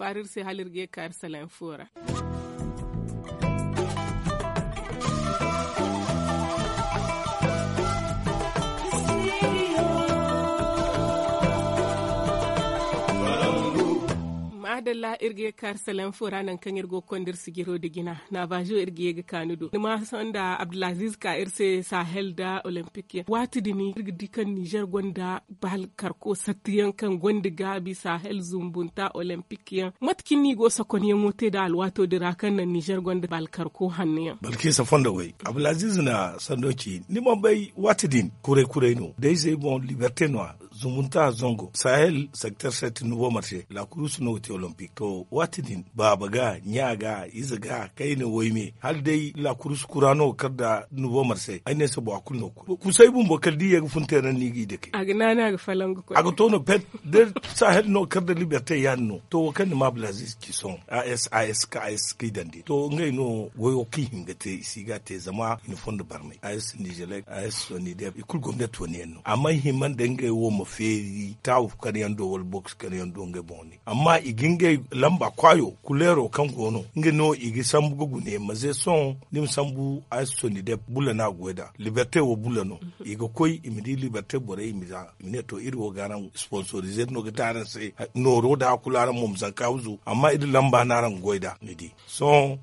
farir se halir ge kar salan fora adalla irge kar salam fura nan kan irgo kondir sigiro gina na bajo irge ga kanudo nima sonda abdulaziz ka irse sahel da olympic wati dini irge dikan niger gonda bal karko satiyan kan gonda gabi sahel zumbunta olympic ya matkin ni go sakon ya mote da alwato dira kan nan niger gonda bal karko hanniya balke sa fonda wai abdulaziz na sandoki nima bai wati din kure kure no dai sai bon liberté noire zumunta zongo sahel sector set nubo marché la kurusu no te olympic to watinin baba ga nyaga izaga kaine woime hal dai la kurusu kurano karda nubo marché aine sabo akul no ku sai bun bokal di yaga funtena ni gi deke agna na ga falango ko aga to no pet de sahel no karda liberté yanno to wakan ma blazis ki son as as ka as ki dandi to ngai no goyo ki hingate siga te zama ni fond barme as nijelek as de ikul gomnet woni enno amma himan de wo mo feri taw kan yando wal box kan yando nge boni amma iginge lamba kwayo kulero kan gono nge no igi sambu gugu ne maze son nim sambu ay ni de bula na gweda liberté wo bula no mhm. igo koy imidi liberté bore imiza ne to iri garan sponsoriser no gitaran se no roda kulara mum zakawzu amma idi lamba ran gweda nidi son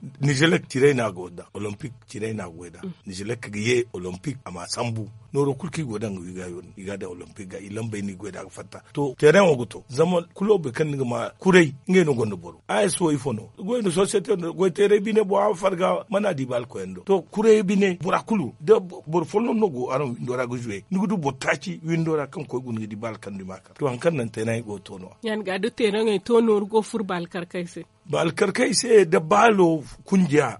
lek tire na gweda olympique tire na gweda mm. lek ye olympique ama sambu noro kulki godan ga yon ga da olympic ga ilamba ni ni goida fatta to terrain o goto zama club kan ni ma kurei ngai no gondo boru as wo ifono goy no societe goy tere bine bo farga mana di bal ko endo to kurei bine burakulu de bor folno no go aron windora go jouer ni gudu botaci windora kan ko gun di bal kan di maka to hankan nan tenai go tono yan ga do tenai go e tono go bal kar kaise ba karkai se da balo kungiya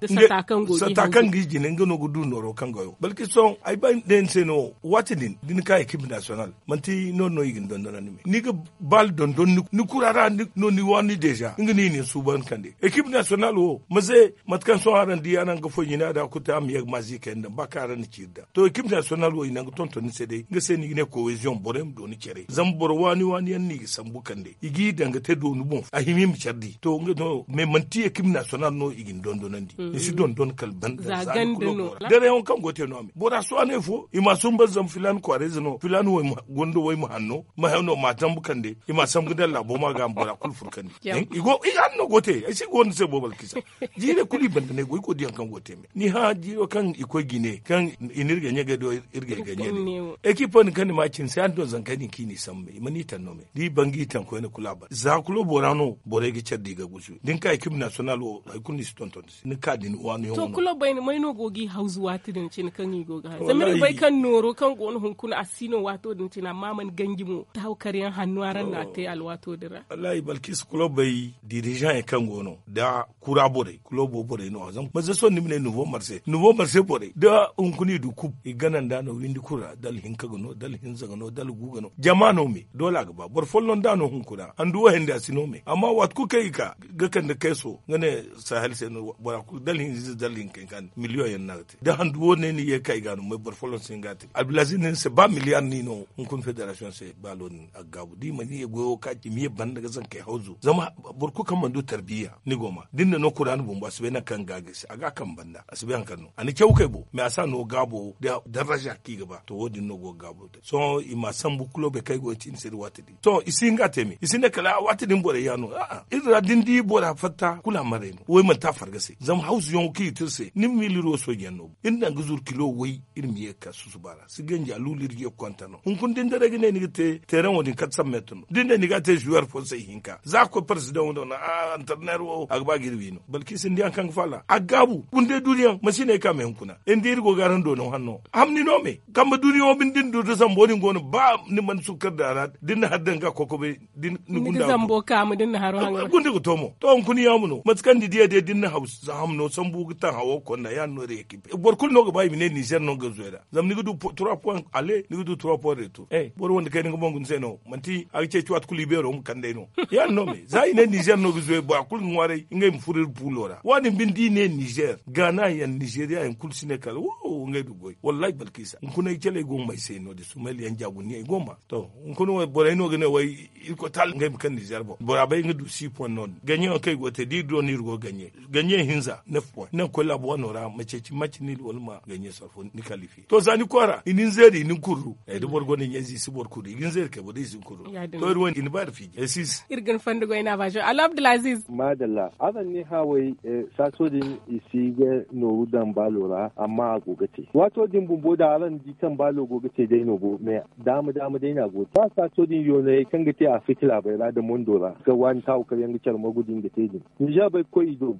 satakan giji ne ngano gudu noro gayo balki son ai ban den sai no watinin din ka equipe national manti no no yigin don don ni ni ga bal don don ni kurara no ni wani deja ngani ni su kan kande equipe national wo maze matkan so haran di anan ga fo yina da kuta am yag mazi ken da bakara ni cirda to equipe national wo yi ga ton ton se de ga se ni ne cohesion borem do ni cere zambor wani wani yan ni sambu de igi danga te do nu bon ahimi mi cardi to ngano mais man tiye équipe national no igin don donandi mm. isi don don kal ban zagandino dare on kan gote no mi bora so ane fo ma sun bazam filan kwarez no filan wo gondo wo hanno ma hanno ma tambu kande ma sam gidan bo ma ga bora kul furkani igo igan no gote isi gon se bobal kisa jire kuli ne go ko diyan kan gote me ni ha jiro kan iko gine kan inirga nyega do irga ganye ne ekipo ni kan ma cin sai an zan zankani kini samme mani tanno me di bangi tan ko ne kula ba zakulo borano bore gi chaddi ga gusu din ka équipe nationale o ay kun si tonton ni ka din wa ni to kula bay ni mayno gogi hausu wati din cin kan yi goga zamir bay kan noro kan gon hun kun asino wato din cin amma man gangi mu ta kariyan hannu aran na te oh. alwato dira balki balkis kula bay dirigeant e kan gono da kura bore kula bo bore no zan maza so nimne nuvo marse. nuvo marse bore da hun kuni du kub i ganan da no windi kura dal hin ka gono dal hin zagano dal gugano n'o me dola a ba bor follon da no hun kuna andu wa hende asino me amma wat ku kai ka ga kan da kai so ngane sahel sen wa ku dalhin zizi dalhin kan kan million yan nagati da handu wone ni ye kai ganu mai bar folon sen gati abdulaziz ne se ba million ni no un confederation se balon agabu di mani ye goyo ka ki miye ban daga zan kai hauzu zama bor ku kan mandu tarbiya ni goma din dinna no qur'an bumba su na kan gage a ga kan banda asibe an kanu ani kyau kai bo me asa no gabo da daraja ki gaba to wo din no go gabo so i ima sambu kulo be kai go tin sir watidi so isinga temi ne kala watidi mbore yanu a a din di bo wala fatta kula mare no wai man ta fargase zam haus yon ki tirse nim mi liro so genno inda nguzur kilo wai irmi yeka susu bara si sigen ja lulir ye kontano hun kun din dare gine ni te terrain wodin katsam metuno din da ni ga te joueur fo sai hinka za ko president wona a ah, anternero wo agba girbi no balki sin di an kan fala agabu kunde duniya masine ka men kuna indir go garan do no hanno amni no me kamba duniya bin din do to sam bodin gono ba ni man su da rat din haddan ga kokobe din ni gunda zambo ka mu din haro hanga gunde ko tomo to on kun yamno matkan di dia de din haus zamno sambu gita hawo konna ya no re equipe bor kul no bay mine niger no gazuera zam ni gudu 3 points aller ni gudu 3 points retour eh bor won kay ni ngom ngun seno manti ak che chuat kul libero um kande no ya no me za ine niger no gazue bo akul ngware ngem furir pulora wani bindi ne niger gana ya nigeria en kul sinekal wo ngai du goy wallahi balkisa kunai chele go mai seno de sumali an jagu ni goma to kunu bor eno gene wai ko tal ngem kan niger bo bor abay ngudu 6 point non gagnant kai gote di do ni rugo ganye ganye hinza nef point nan ko labo nora mace ci mace ni walma ganye sarfo ni kalifi to zani kwara inin zeri ni eh, kuru e do borgo ni yezi si borku di inin zeri ke bodi sin kuru to ruwan in bar fi esis eh, irgan fandu go ina bajo al abdulaziz madalla adan ni hawai eh, sasodin isi ga no udan balora amma gogate wato din bumbo da alan di kan balo gogate dai no bo me dama damu dai na go so sasodin yo ne kan gate a fitila bai la da mondora ga wani tawo kare yangi charma gudin da tedin ja bai ko ido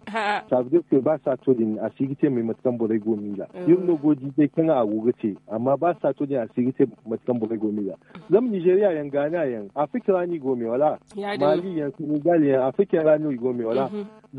sabde ko ba sa to din sigite mai matkan bore gomila yin no goji dai kan a gogace amma ba sa to din asigite matkan bore gomila zama nigeria yan gana yan afirka rani gome wala mali yan senegal yan afirka rani gome wala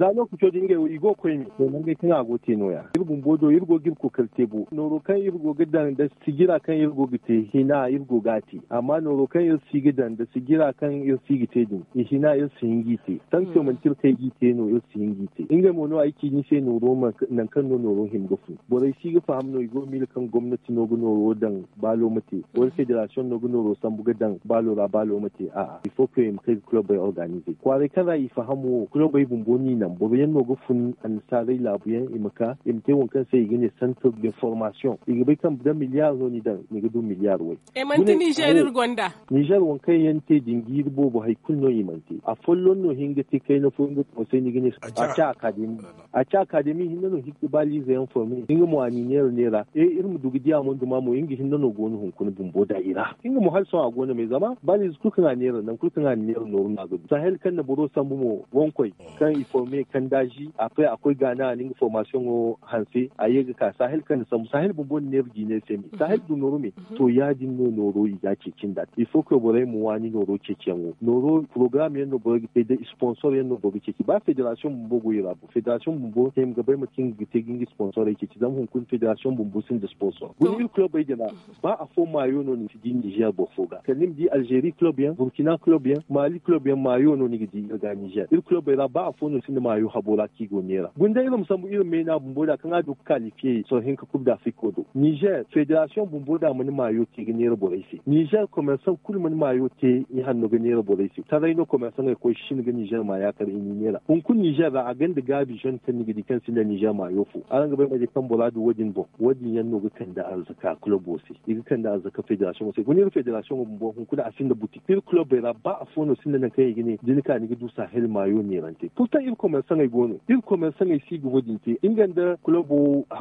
za lokaci din ga igo ko mi to nan ga kina gote noya irgun bodo irgo gibko kaltebo noro kan irgo gidan da sigira kan irgo gite hina irgo gati amma noro kan irsi gidan da sigira kan irsi gite din hina irsi ngite tan to mun te gite no yo sin gite inga mono aiki ni se no roma nan kan no no him gofu borai ga gafa no igo mil kan gwamnati no gno ro dan balo mate wal federation no gno ro san buga dan balo ra balo mate a a il faut que im kai club ay e organiser kware kada i fahamu club e bumbu ni nan bo yan no gofun an sarai labuyan imaka imte won kan sai gine centre de formation iga bai kan da miliyar no ni dan ni du miliyar wai e manti nigerir er gonda niger won kai yante dingir bobo hay kulno imante a follow no te kai na kungu conseil ngini acha academy acha academy hinno no hikki bali zayan for me inga mo aminero nera e irin dugi dia mun duma mu inga hinno no gonu hun kun bumbo da ira inga mo hal a gona mai zama bali kukan anero nan kukan anero no na gudu sahel kan na buro sambu mo wonkoi oh. kan informe kan daji akwai akwai gana ninga formation o hanse ayega ka sahel kan sambu sahel bumbo ne gine semi mhm. sahel du noro me mhm. to ya din no noro ya ke kinda ifo ko bore mu wani noro ke kenwo noro program yan no bore sponsor no mumbo ke ki ba federation mumbo goyi rabu federation mumbo sai mu gabai mutum ga tegin gi sponsor yake ci dan hunkun federation mumbo sun da sponsor wani club bai gina ba a fo mayo no ni di Niger bo foga kalim di algeri club yan Burkina club yan Mali club yan mayo no ni gidi ga Niger il club bai ba a fo no sun da mayo habola ki go nera gunda irin musamman irin mai na bumbo da kan adu qualifier so hin ka kubda fiko do Niger federation bumbo da mun mayo ki ga nera boraisi Niger commerce kul mun mayo te ni hanno ga nera boraisi tarai no commerce ne ko shi ni ga Niger ma ya karin nyimela unku niger a ganda gabi jon tan ni gidi kansi da niger ma yofu ranga bai mai kan bola da wajin bo wajin yan no kan da arzaka club wose iga kan da arzaka federation wose goni federation mun bo kun kuda asin da butik pir club bai ba a fono sin nan kai gini dinika ni gidu sa sahel mayo ne rante pourtant il commence ngai gono il commence ngai sigi wajin te inganda club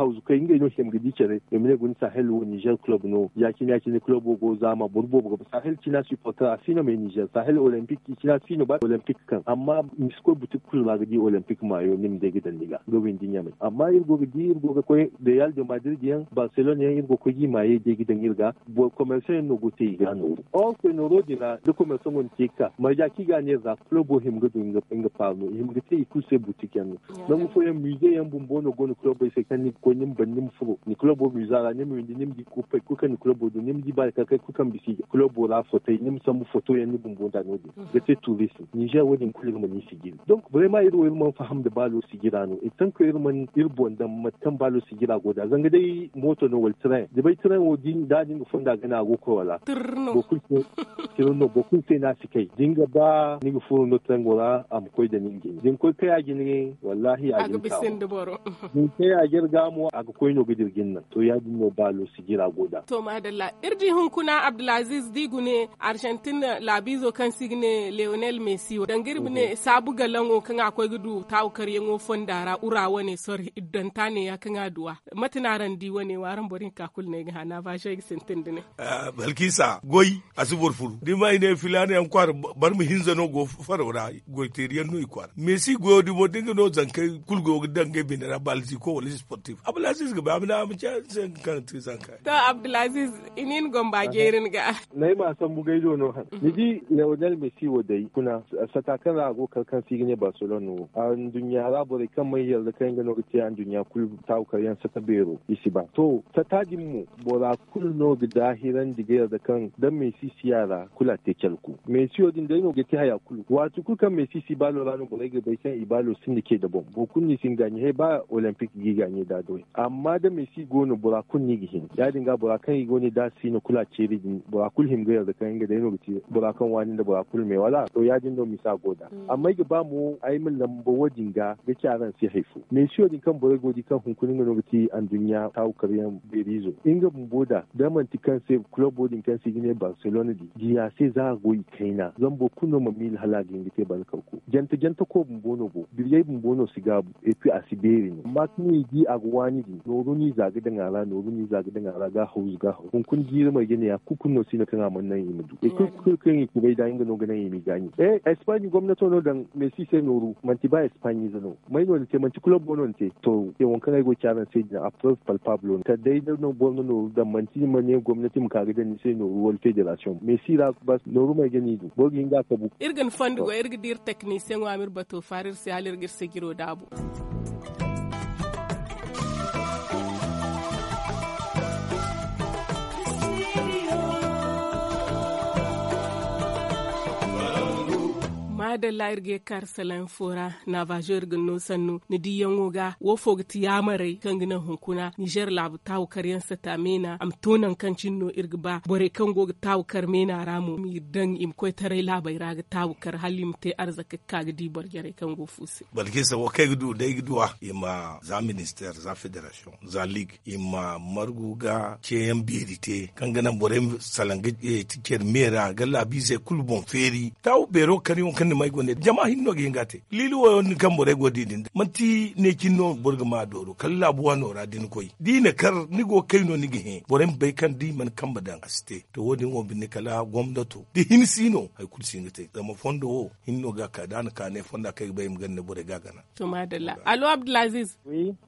house kai ingai no shem gidi chere emine sa hel wo niger club no yakin yakin club go zama burbo go sahel kina supporter asino mai Sa hel olympic kina sino ba olympic kan amma misko ko butik kul ma gidi olympic ma yo nim de gidan diga go win dinya mai amma ir go gidi ir go ko de yal de madrid yan barcelona yan go ko gi ma ye de gidan irga bo commerce no go te ga no o ko no ro dina de commerce mon tika ma ja ki ga ne za club him go dun ga pinga pa no him ga te ku se butik yan no mo fo ye musée yan bumbo no go no club e se kan ni ko nim ban nim fo ni club musala nim windi nim di ku pe ku kan club do nim di ba ka kai ku kan bisi club la foto nim samu foto yan ni bumbo da no de mm-hmm. ga te tourisme niger wodin kulin mo ni sigil donc vraiment iro ilman faham da balo sigirano e tanko irman irbon da matan balo sigira goda zanga dai moto no wal train da bai train wo din dadin go fonda gana go ko wala bokul ko kilo no bokul sai na sikai dinga ba ni go furo no train wala am koy da ninge din ko kai ajin ne wallahi ajin ka din kai ajir gamo ga koy no gidirgin nan to ya din no balo sigira goda to madalla irji hunkuna abdulaziz digune argentina labizo kan signe leonel messi dangirbi ne mhm. sabugal lango kanga akwai gudu ta ukar ofon dara ura wane sor iddanta ne ya kanga duwa matinaran di wane waran borin kakul ne ga na ba shoy ne. dine eh, balkisa goyi asubur furu di mai ne filani an kwar bar mu hinza no go farora goy teriyan no ikwar messi go di mo dinga no zankai kulgo dange da balzi ko wali sportif abdulaziz ga ba mu na mu san kan tizanka ta abdulaziz inin gomba gerin ga nai ma san bugaido no ni di ne wajen messi wadai kuna satakan kan kan si ne barcelona an dunya rabore kan mai yalda kan ga lokaci an dunya kul ta karyan sa bero isi ba to ta tajin mu bo bora kul no gida dahiran diga yalda kan dan mai sisi yara kula te kelku mai siyo din da no gete haya kul wato kul kan mai sisi lo ranu bora ga bai san ibalo sun ke da bom bo kun ni sin ganye he ba olympic gi ganye da doi amma da mai si gono kun ni gihin ya dinga bora kan yi goni da sino kula ceri din bora kul him ga yalda kan ga da no gite bora kan wani da bora kul mai wala to ya din no misa goda mm. amma ga ba mo ay min lambo wajin ga ga kyaran sai haifu me shi wajin kan bore godi kan hunkunin ga nobiti an dunya ta ukariyan berizo in ga inga boda daman ti kan se club wajin kan sai gine barcelona di diya sai za a goyi kaina zan bo kuno ma mil halagin gite balkauku janta janta ko bumbono bo birye bumbono sigabu epi ne ma matni gi agwani di noru ni zaga da ngala noru ni zaga da ngala ga hauzu ga kun kun jira mai gine ya kukun no na kan amon nan yimudu e kukun kan yi bai da inga no yi mi gani eh espanya gwamnati no dan me ci sai noru manti ba espanye zano mai non te manti club bono te to te won kan ai go sai se na approve palpable ta dai da no bono noru da manti mane gwamnati mu kaga da ni sai noru wal federation me sira bas noru mai gani du bogi ga ka bu irgan fand go irgidir technicien wa amir bato farir sai halir gir se dabu madalla irge kar salan fora na vajor gno sannu ni diyan ga wo ti yamare kangina hunkuna niger labu taw karyan sata mena am tonan kancin no ba bore kan go taw kar mena ramu mi dan im koy tare labai rag taw kar halim te arzaka kag di bor yare kan go fusi balke sa wo kai gudu dai guduwa ima za minister za federation za league ima marguga bore salangi eh, tiker mera galabize kulbon feri taw bero kari ni mai gonde jama no ginga te lili wo ni kambo re godi din manti ne kinno burga ma doro kalla buwa no ra din di dina kar ni go kaino ni gihe boren be kan di man kamba dan asite to wodi wo bin kala to di hin sino ay kul da mo fondo wo no ga ka dan ka ne fonda kai im ganne bore ga gana to madalla alo abdulaziz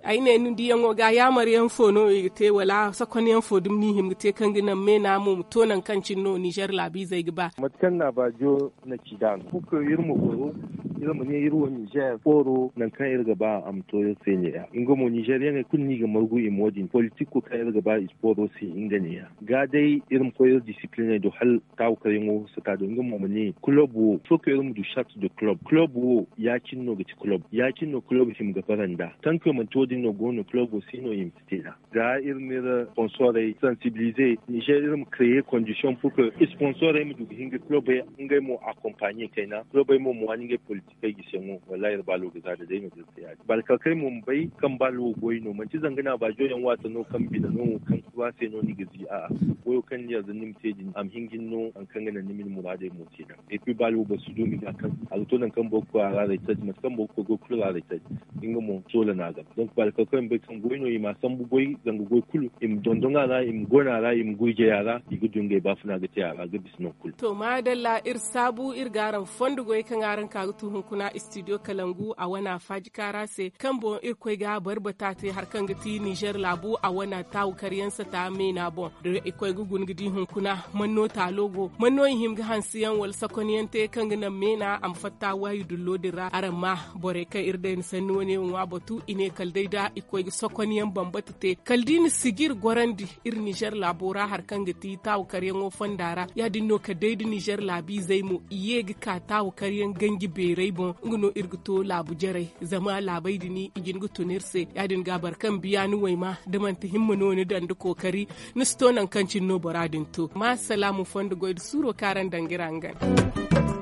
ay ne nu di yango ga ya mariyan fono e te wala sakon yan dum ni him te kan ginan me na mu tonan kancin no Niger labi zai gba mutkan na ba jo na kidan kuka irmo boro irmo ne irwo Niger boro nan kan irga ba am to yo senye ya ingo mo Niger ne kun ni ga margu imodin politiko kan irga ba is boro si inga ne ya ga dai irmo ko yo discipline do hal taw ka yango su ta do ingo mo ne club wo so ko irmo du chat do club club wo ya no ga ti club ya no club him ga faranda tan ko man to din no gono club wo sino im stila ga da sponsor sensibiliser Niger irmo créer condition pour que sponsor irmo du hinga club ya ngai mo accompagner kaina club bai mun mo wani ga politika gi se mo wallahi ba lo gaza da dai me gisa ya bal ka kai mun bai kan ba lo goyi no man ci zangana ba joyan wata no kan bi da no kan ba sai no ni gizi a goyo kan ya zanim tejin am hingin no an kan gana nimin mu da mu ce da e pi ba lo ba su do mi da kan nan kan bo a ra da ta mas kan bo ko go kula da ta in mun so la na ga don ba ka kai mun bai kan goyi no yi ma san bu goyi zanga goyi kulu im don don ala im gona la im goyi yara igudu ga ba funa ga ta yara ga bisno kulu to ma dalla ir sabu ir garan fondu irkoi kan aran tuhun kuna studio kalangu a wana faji karase kan bon irkoi ga barbata te har kan gati niger labu a wana tawu karyansa ta mena bon da irkoi gugun gidi kuna manno ta logo manno yin ga hansiyan wal sakoniyan te kan gina mena am fatta wayu dullo dira aran ma bore kai irde ni sanni wani wa batu ine kaldai da irkoi sakoniyan bambata te kaldini sigir gorandi ir niger ra har kan gati tawu karyan fandara ya dinno ka daidi niger labi zai mu iye ga ka tawu karyan gangi berai bon ngno irgito labu jarai zama labai dini igin gutunirse yadin gabar kan biya ni waima da man ta himma noni dan da kokari ni stonan kancin no boradin to ma salamu fondo goid suro karan dangirangan